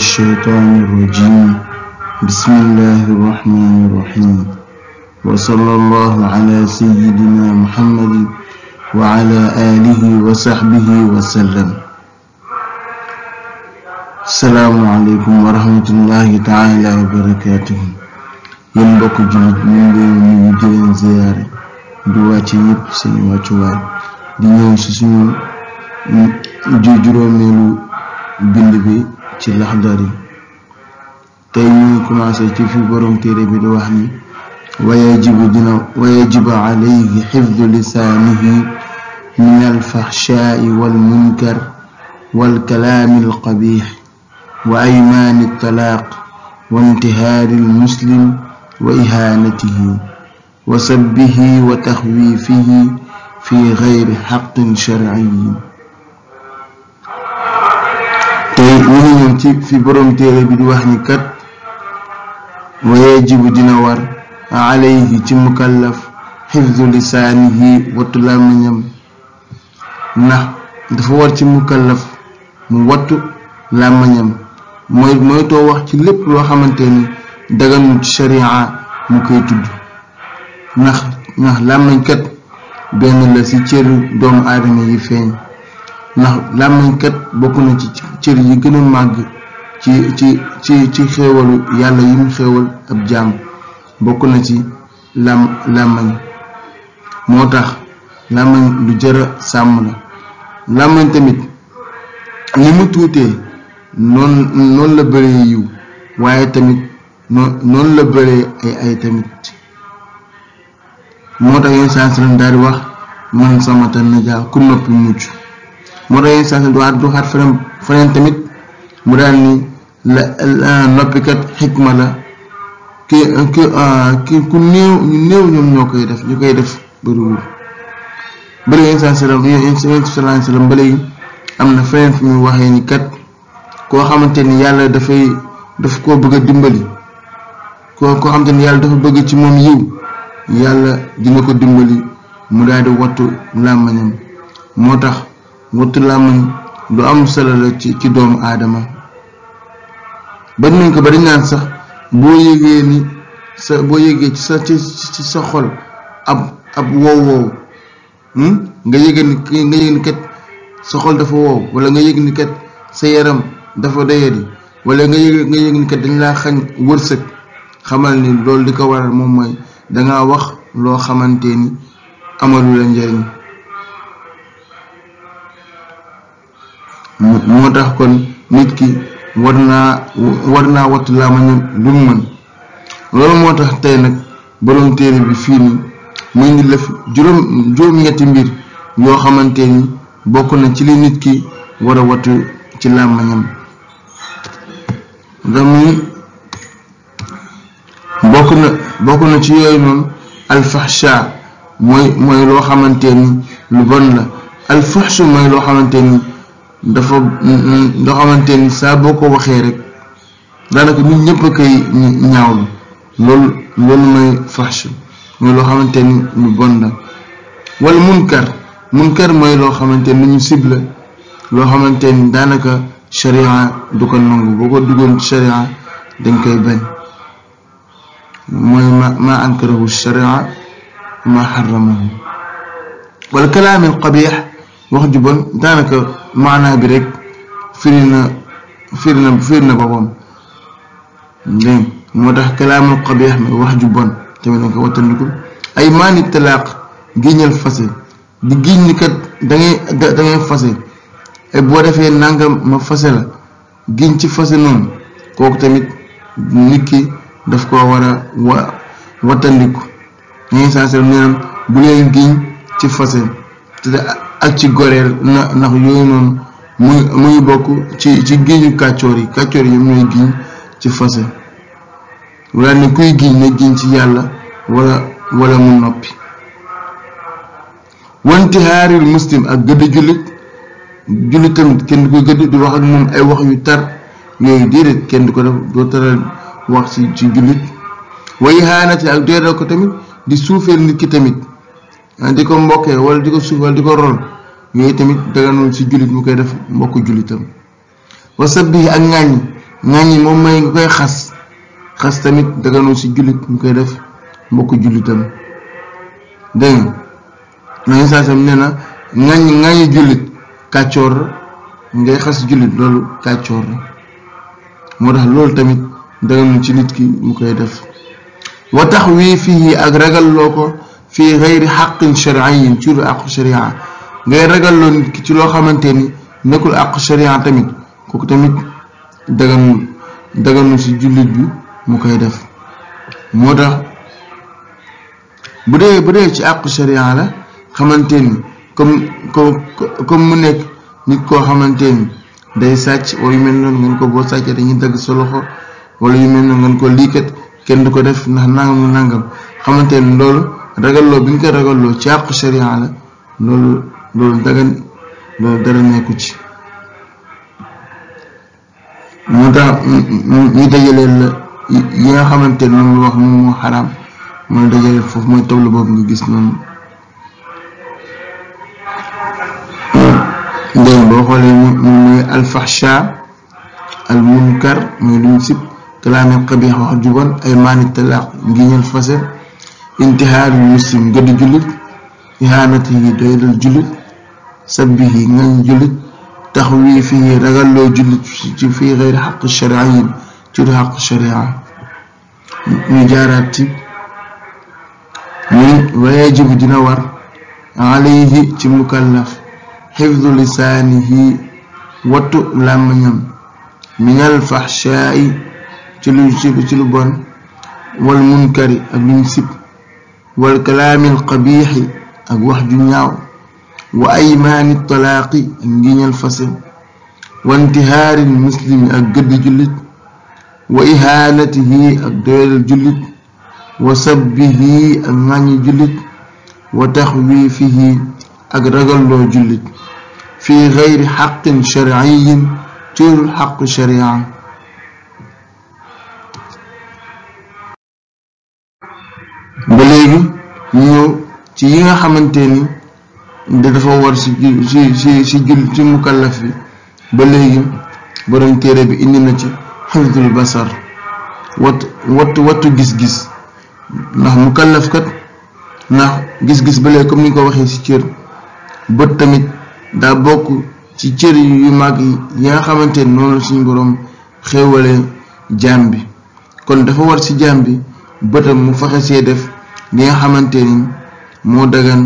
الشيطان الرجيم بسم الله الرحمن الرحيم وصلى الله على سيدنا محمد وعلى آله وصحبه وسلم السلام عليكم ورحمة الله تعالى وبركاته yéen mbokk jullit ñu ngi leen ñu di leen ziyaare di wàcce ñëpp seen wàccuwaay di ñëw si suñu juróomeelu bind bi ci laxdar yi tey ñuy commencé ci fi borom téere bi di wax ni wayajibu dina wayajibu alayhi xifdu lisaanihi min alfaxshaai walmunkar walkalaami alqabix wa aymaani altalaaq wa intihaari almuslim wa ihaanatihi wa sabbihi wa taxwiifihi fi gayri xaqin sharciyin tey mu ngi ñëw ci fi borom téere bi du wax ni kat wa yajibu dina war alayhi ci mukallaf xifdu lisaanihi wattu làmmiñam ndax dafa war ci mukallaf mu wattu làmmiñam mooy moytoo wax ci lépp loo xamante ni daganul ci sharia mu koy tudd ndax ndax làmmiñ kat benn la ci cëru doomu aadama yi feeñ ndax làmmiñ kat bokk na ci cër yi gën a màgg ci ci ci ci xéewalu yàlla yi mu xéewal ab jaam bokk na ci làm làmmiñ moo tax làmmiñ lu jëra sàmm la làmmiñ tamit li mu tuutee noon noonu la bëree yiw waaye tamit noon la bëree ay ay tamit moo tax yenn saa si daal wax man sama tan na ku noppi mucc mu rey saasa du waat du xaat feneen feneen tamit mu daal ni la noppikat xikma la ki ki ah, ki ku néew ñu néew ñoom ñoo koy def ñu koy def bëriwul ba léegi insa salam yonent salam ba léegi am na feneen fi muy waxee ni kat koo xamante ni yàlla dafay daf koo bëgg a dimbali koo koo xamante ni yàlla dafa bëgg ci moom yiw yàlla dina ko dimbali mu daal di wattu làmmañam moo tax wattu làmmiñ lu am solo la ci ci doomu aadama ba nañ ko ba dañ naan sax boo yëgee ni sa boo yëgee ci sa ci sa xol ab ab wow wow hmm? nga yëg ni kat sa xol dafa wow wala nga yëg ni kat sa yaram dafa doyadi wala nga yëg nga yëg ni kat dañ laa xañ wërsëg xamal ni loolu di ko waral moom mooy danga wax loo xamante ni amalu la njariñ moo tax kon nit ki war naa war naa wattu làmmiñam lu mu mën loolu moo tax tey nag boroom téere bi fii nii mu ngi lëf juróom juróom-ñetti mbir yoo xamante ni bokk na ci li nit ki war a wattu ci làmmiñam damuy bokk na bokk na ci yooyu noonu alfaxsha mooy mooy loo xamante ni lu bon la alfaxsha mooy loo xamante ni dafa mm, mm, loo xamante ni saa boo ko waxee rek daanaka nit ñëpp a koy ñaawlu loolu loolu mooy mooy loo xamante ni lu bon la wala munkar munkar mooy loo xamante ni lu ñu cible loo xamante ni daanaka sharia du ko nangu boo ko duggoon sharia dañ koy bañ mooy ma ma ankarahu sharia ma xaramahu wala kalaamil wax ju bon daanaka maanaa bi rek firi na firi na firi na moo tax kalaamul qabiix mi wax ju bon tamit danga ko wattandiku ay maani talaaq géñal fase di géñ ni la géñ ci fase noonu kooku tamit nit ki daf koo war a wa wattandiku ñangi sansel neenam bu leen géñ ci fase te ak ci goreel na ndax yooyu noonu mu mu ngi bokk ci ci géñu yi kàccoor yi ñoom ñooy giñ ci fase wala ne kuy giñ ne giñ ci yàlla wala wala mu noppi wanti xaaril muslim ak gëdd jullit jullit tamit kenn du ko gëdd di wax ak moom ay wax yu tar yooyu déedéet kenn du ko def doo taral wax ci ci jullit way xaanati ak doyadal ko tamit di suufeel nit ki tamit di ko mbokkee wala di ko suuf wala di ko rol yooyu tamit daganul ci jullit mu koy def mbokku jullitam wasab bi ak ŋàññi ŋàññi may xas xas tamit ci jullit mu koy def mbokku jullitam dégg nga saa sam nee na ŋàññi ŋàññi jullit kàccoor ngay xas jullit loolu kàccoor moo tax loolu tamit daganul ci nit ki mu koy def wa tax wii fii ak ragal loo ko fii xayri xaqin chariin ci lu àqu sharia ngay ragal loo nit ki ci loo xamante ni nekkul àqu sharia tamit kooku tamit daganul daganul ci jullit bi mu koy def moo tax bu dee bu dee ci àqu sharia la xamante ni comme comme mu nekk nit koo xamante ni day sàcc wala yu mel noonu ngeen ko boo sàccee dañuy dagg sa loxo wala yu mel noonu ngeen ko liikat kenn du ko def ndax nangam nangam xamante ni loolu ragalloo bi nga ko ragalloo ci àqu sharia la loolu loolu dagan loolu dara nekku ci moo tax ñu dajaleel la yi nga xamante ne moom la wax moom moo xaraam mooy dajaleel foofu mooy tableau boobu nga gis noonu ndey boo xoolee mu mooy alfaxsha al munkar mooy luñ sib kalaam al wax ju ay maani talaaq ngiñal fase intihaarul muslim gëdd jullit ihaanati yi doylal jullit sabbi yi jullit taxwiif yi jullit ci fii xaq sharia ci du xaq sharia ñu jaaraat ci muy dina war alayhi ci mukallaf xifdu lisaanihi wattu làmmiñam minal faxshaa'i ci lu ci lu bon wal munkari ak luñ sib wal kalaamil qabiixi ak wax ju ñaaw wa aymaani talaaqi ak ngiñal fase wa intihaaril muslimi ak gëdd jullit wa ihaanatihi ak doyalal jullit wa sabbihi ak ŋàññi jullit wa taxwiifihi ak ragalloo jullit fi gayri xaqin sharciyin turul xaqu sharia ba léegi ñu ñëw ci yi nga xamante ni dafa war si si si si jul ci mukallaf bi ba léegi borom téere bi indi na ci xafidul basar wat wattu wattu gis-gis ndax mukallaf kat ndax gis-gis ba léegi comme ni ñu ko waxee ci cër bët tamit daa bokk ci cër yu mag yi nga xamante ni noonu suñu borom xéewale jaam bi kon dafa war ci jaam bi bëtam mu faxe see def li nga xamante ni moo dagan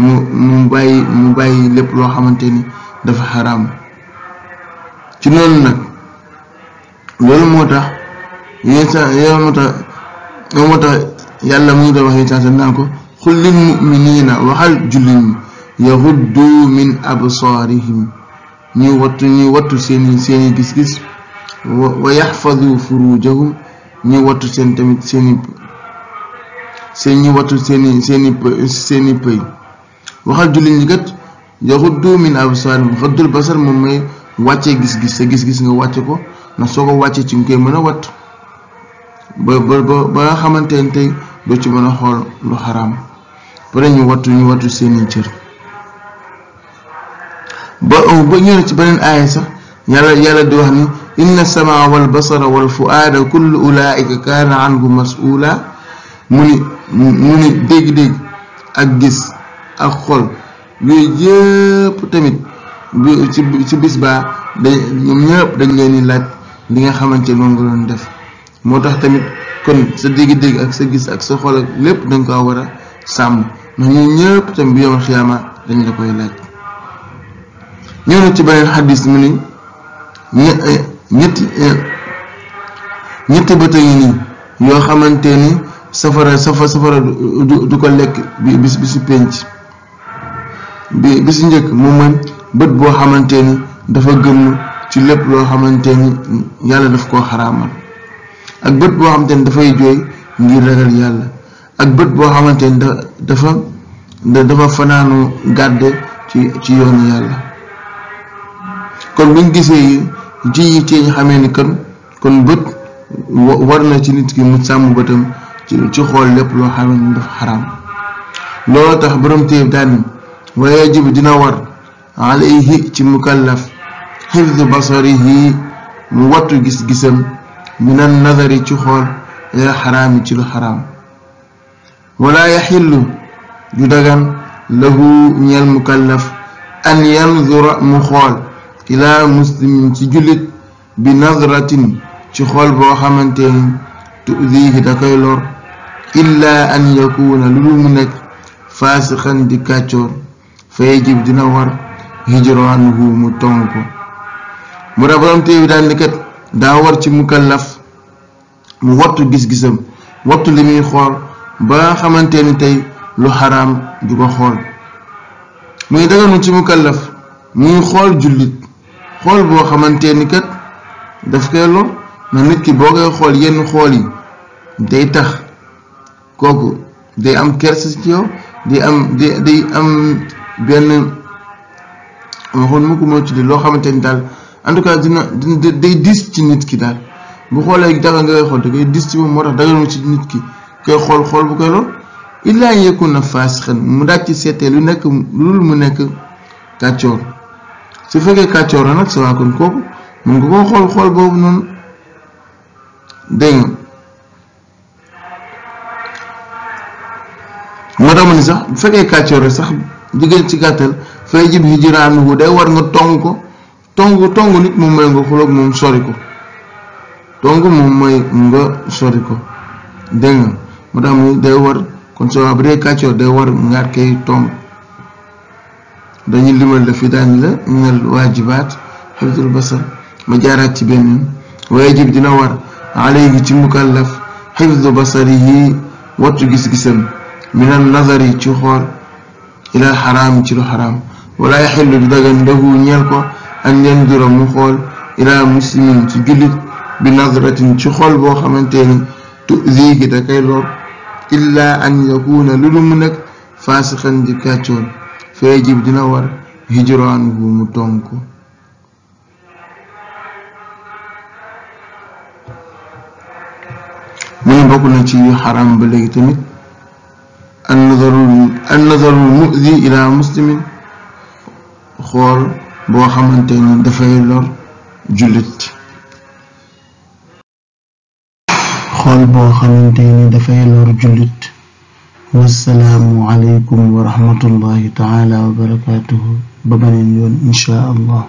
mu mu bàyyi mu bàyyi lépp loo xamante ni dafa xaraam ci noonu nag loolu moo tax yàlla mu ngi doon ko xul lil mu'miniina waxal jullit ñi yahuddu min absaarihim ñuy wattu seen tamit seeni seen ñi wattu seeni seeni p seeni pëy waxal jullit ñi kat yaxuddu min absaarim xaddul basar moom mooy wàccee gis-gis sa gis-gis nga wàcce ko ndax soo ko wàccee ci nga koy mën a watt ba ba ba nga xamante ne tey doo ci mën a xool lu xaram pare ñu wattu ñu wattu seeni cër ba ba ñëw na ci beneen aaya sax yàlla yàlla di wax ni inna samaa wal basara wal fuaada kullu ulaa'ika kaana anhu mas'uula mu ni mu ni dégg-dégg ak gis ak xol yooyu yëpp tamit ci ci bis baa dañ ñoom ñëpp dañ leen di laaj li nga xamante moom nga doon def moo tax tamit kon sa dégg-dégg ak sa gis ak sa xol lépp da ko war a sàmm ndax ñun ñëpp tamit bi yawmal xiyaama dañ la koy laaj ñëw na ci beneen xadis mu ni ñetti ñetti bët a ngi nii yoo xamante ni safara safa safara du ko lekk bi bis bi si pénc bi bi si njëkk moom mooy bët boo xamante ni dafa gëm ci lépp loo xamante ni yàlla daf koo xaraamal ak bët boo xamante ni dafay jooy ngir ragal ak bët boo xamante ni dafa dafa fanaanu gàdde ci ci yoonu yàlla kon buñ gisee yi ji yi ci xamee ni kon kon bët war na ci nit ki mu sàmm bëtam ci ci lépp loo xam ne tax borom téeb daan wa yajibu dina war alayhi ci mukallaf xifdu basarihi mu wattu gis-gisam minan nazari ci xool ila xaraami ci lu xaraam wala yaxillu du dagan lahu ñeel mukallaf an yanzura mu xool ila muslimin ci jullit bi nazratin ci xool boo xamante ni tuudihi da koy lor illaa an yakuuna lu dul mu nekk faasixan di kàccoor fa yajib dina war hijraanuhu mu tong ko mu rabaram téebi daan ni kat daa war ci mukallaf mu wattu gis-gisam wattu li muy xool ba xamante ni tey lu xaram du ko xool muy daganu ci mukallaf muy xool jullit xool boo xamante ni kat daf koy lor na nit ki boo koy xool yenn xool yi day tax kooku day am kersa ci yow day am day day am benn waxoon mu ko moo ci loo xamante ni daal en tout cas dina de dis ci nit ki daal bu xoolee dara nga koy xool da ngay dis ci moom moo tax dara ci nit ki koy xool xool bu koy lool illaa yëkku na faas xen mu daal ci seetee lu nekk lu mu nekk kàccoor su fekkee kàccoor la nag sa waa kon kooku mun nga koo xool xool boobu noonu dégg nga moo tax ma ni sax bu fekkee kàccoor sax jigéen ci gàttal fay jib bu day war nga tong ko tong tong nit moom mooy nga xuloog moom sori ko tong moom mooy nga sori ko dégg nga moo tax mu day war kon soo bu dee kàccoor day war nga koy tong dañuy limal la fi daan la minal waajibaat xabitul basar ma jaaraat ci benn waajib dina war alayhi ci mukallaf xifdu basarihi wattu gis-gisam minal nazari ci xool ilal xaraam ci lu xaraam wala yaxillu du dagan lahu ñeel ko an yandura mu xool ilaa muslimin ci jullit bi nazratin ci xool boo xamante ni tuzi gi da kay lor illaa an yakuuna lu lu mu nekk faasixan di kàccoon fee jib dina war hijraan bu mu tonk mu ne bokk na ci yu xaraam ba léegi tamit an-nazarul mu'zi ila muslimin xool boo xamante ni dafay lor jullit xool boo xamante ni dafay lor jullit wassalaamu aleykum wa rahmatullahi taala wa barakaatuhu ba beneen yoon inchaa allah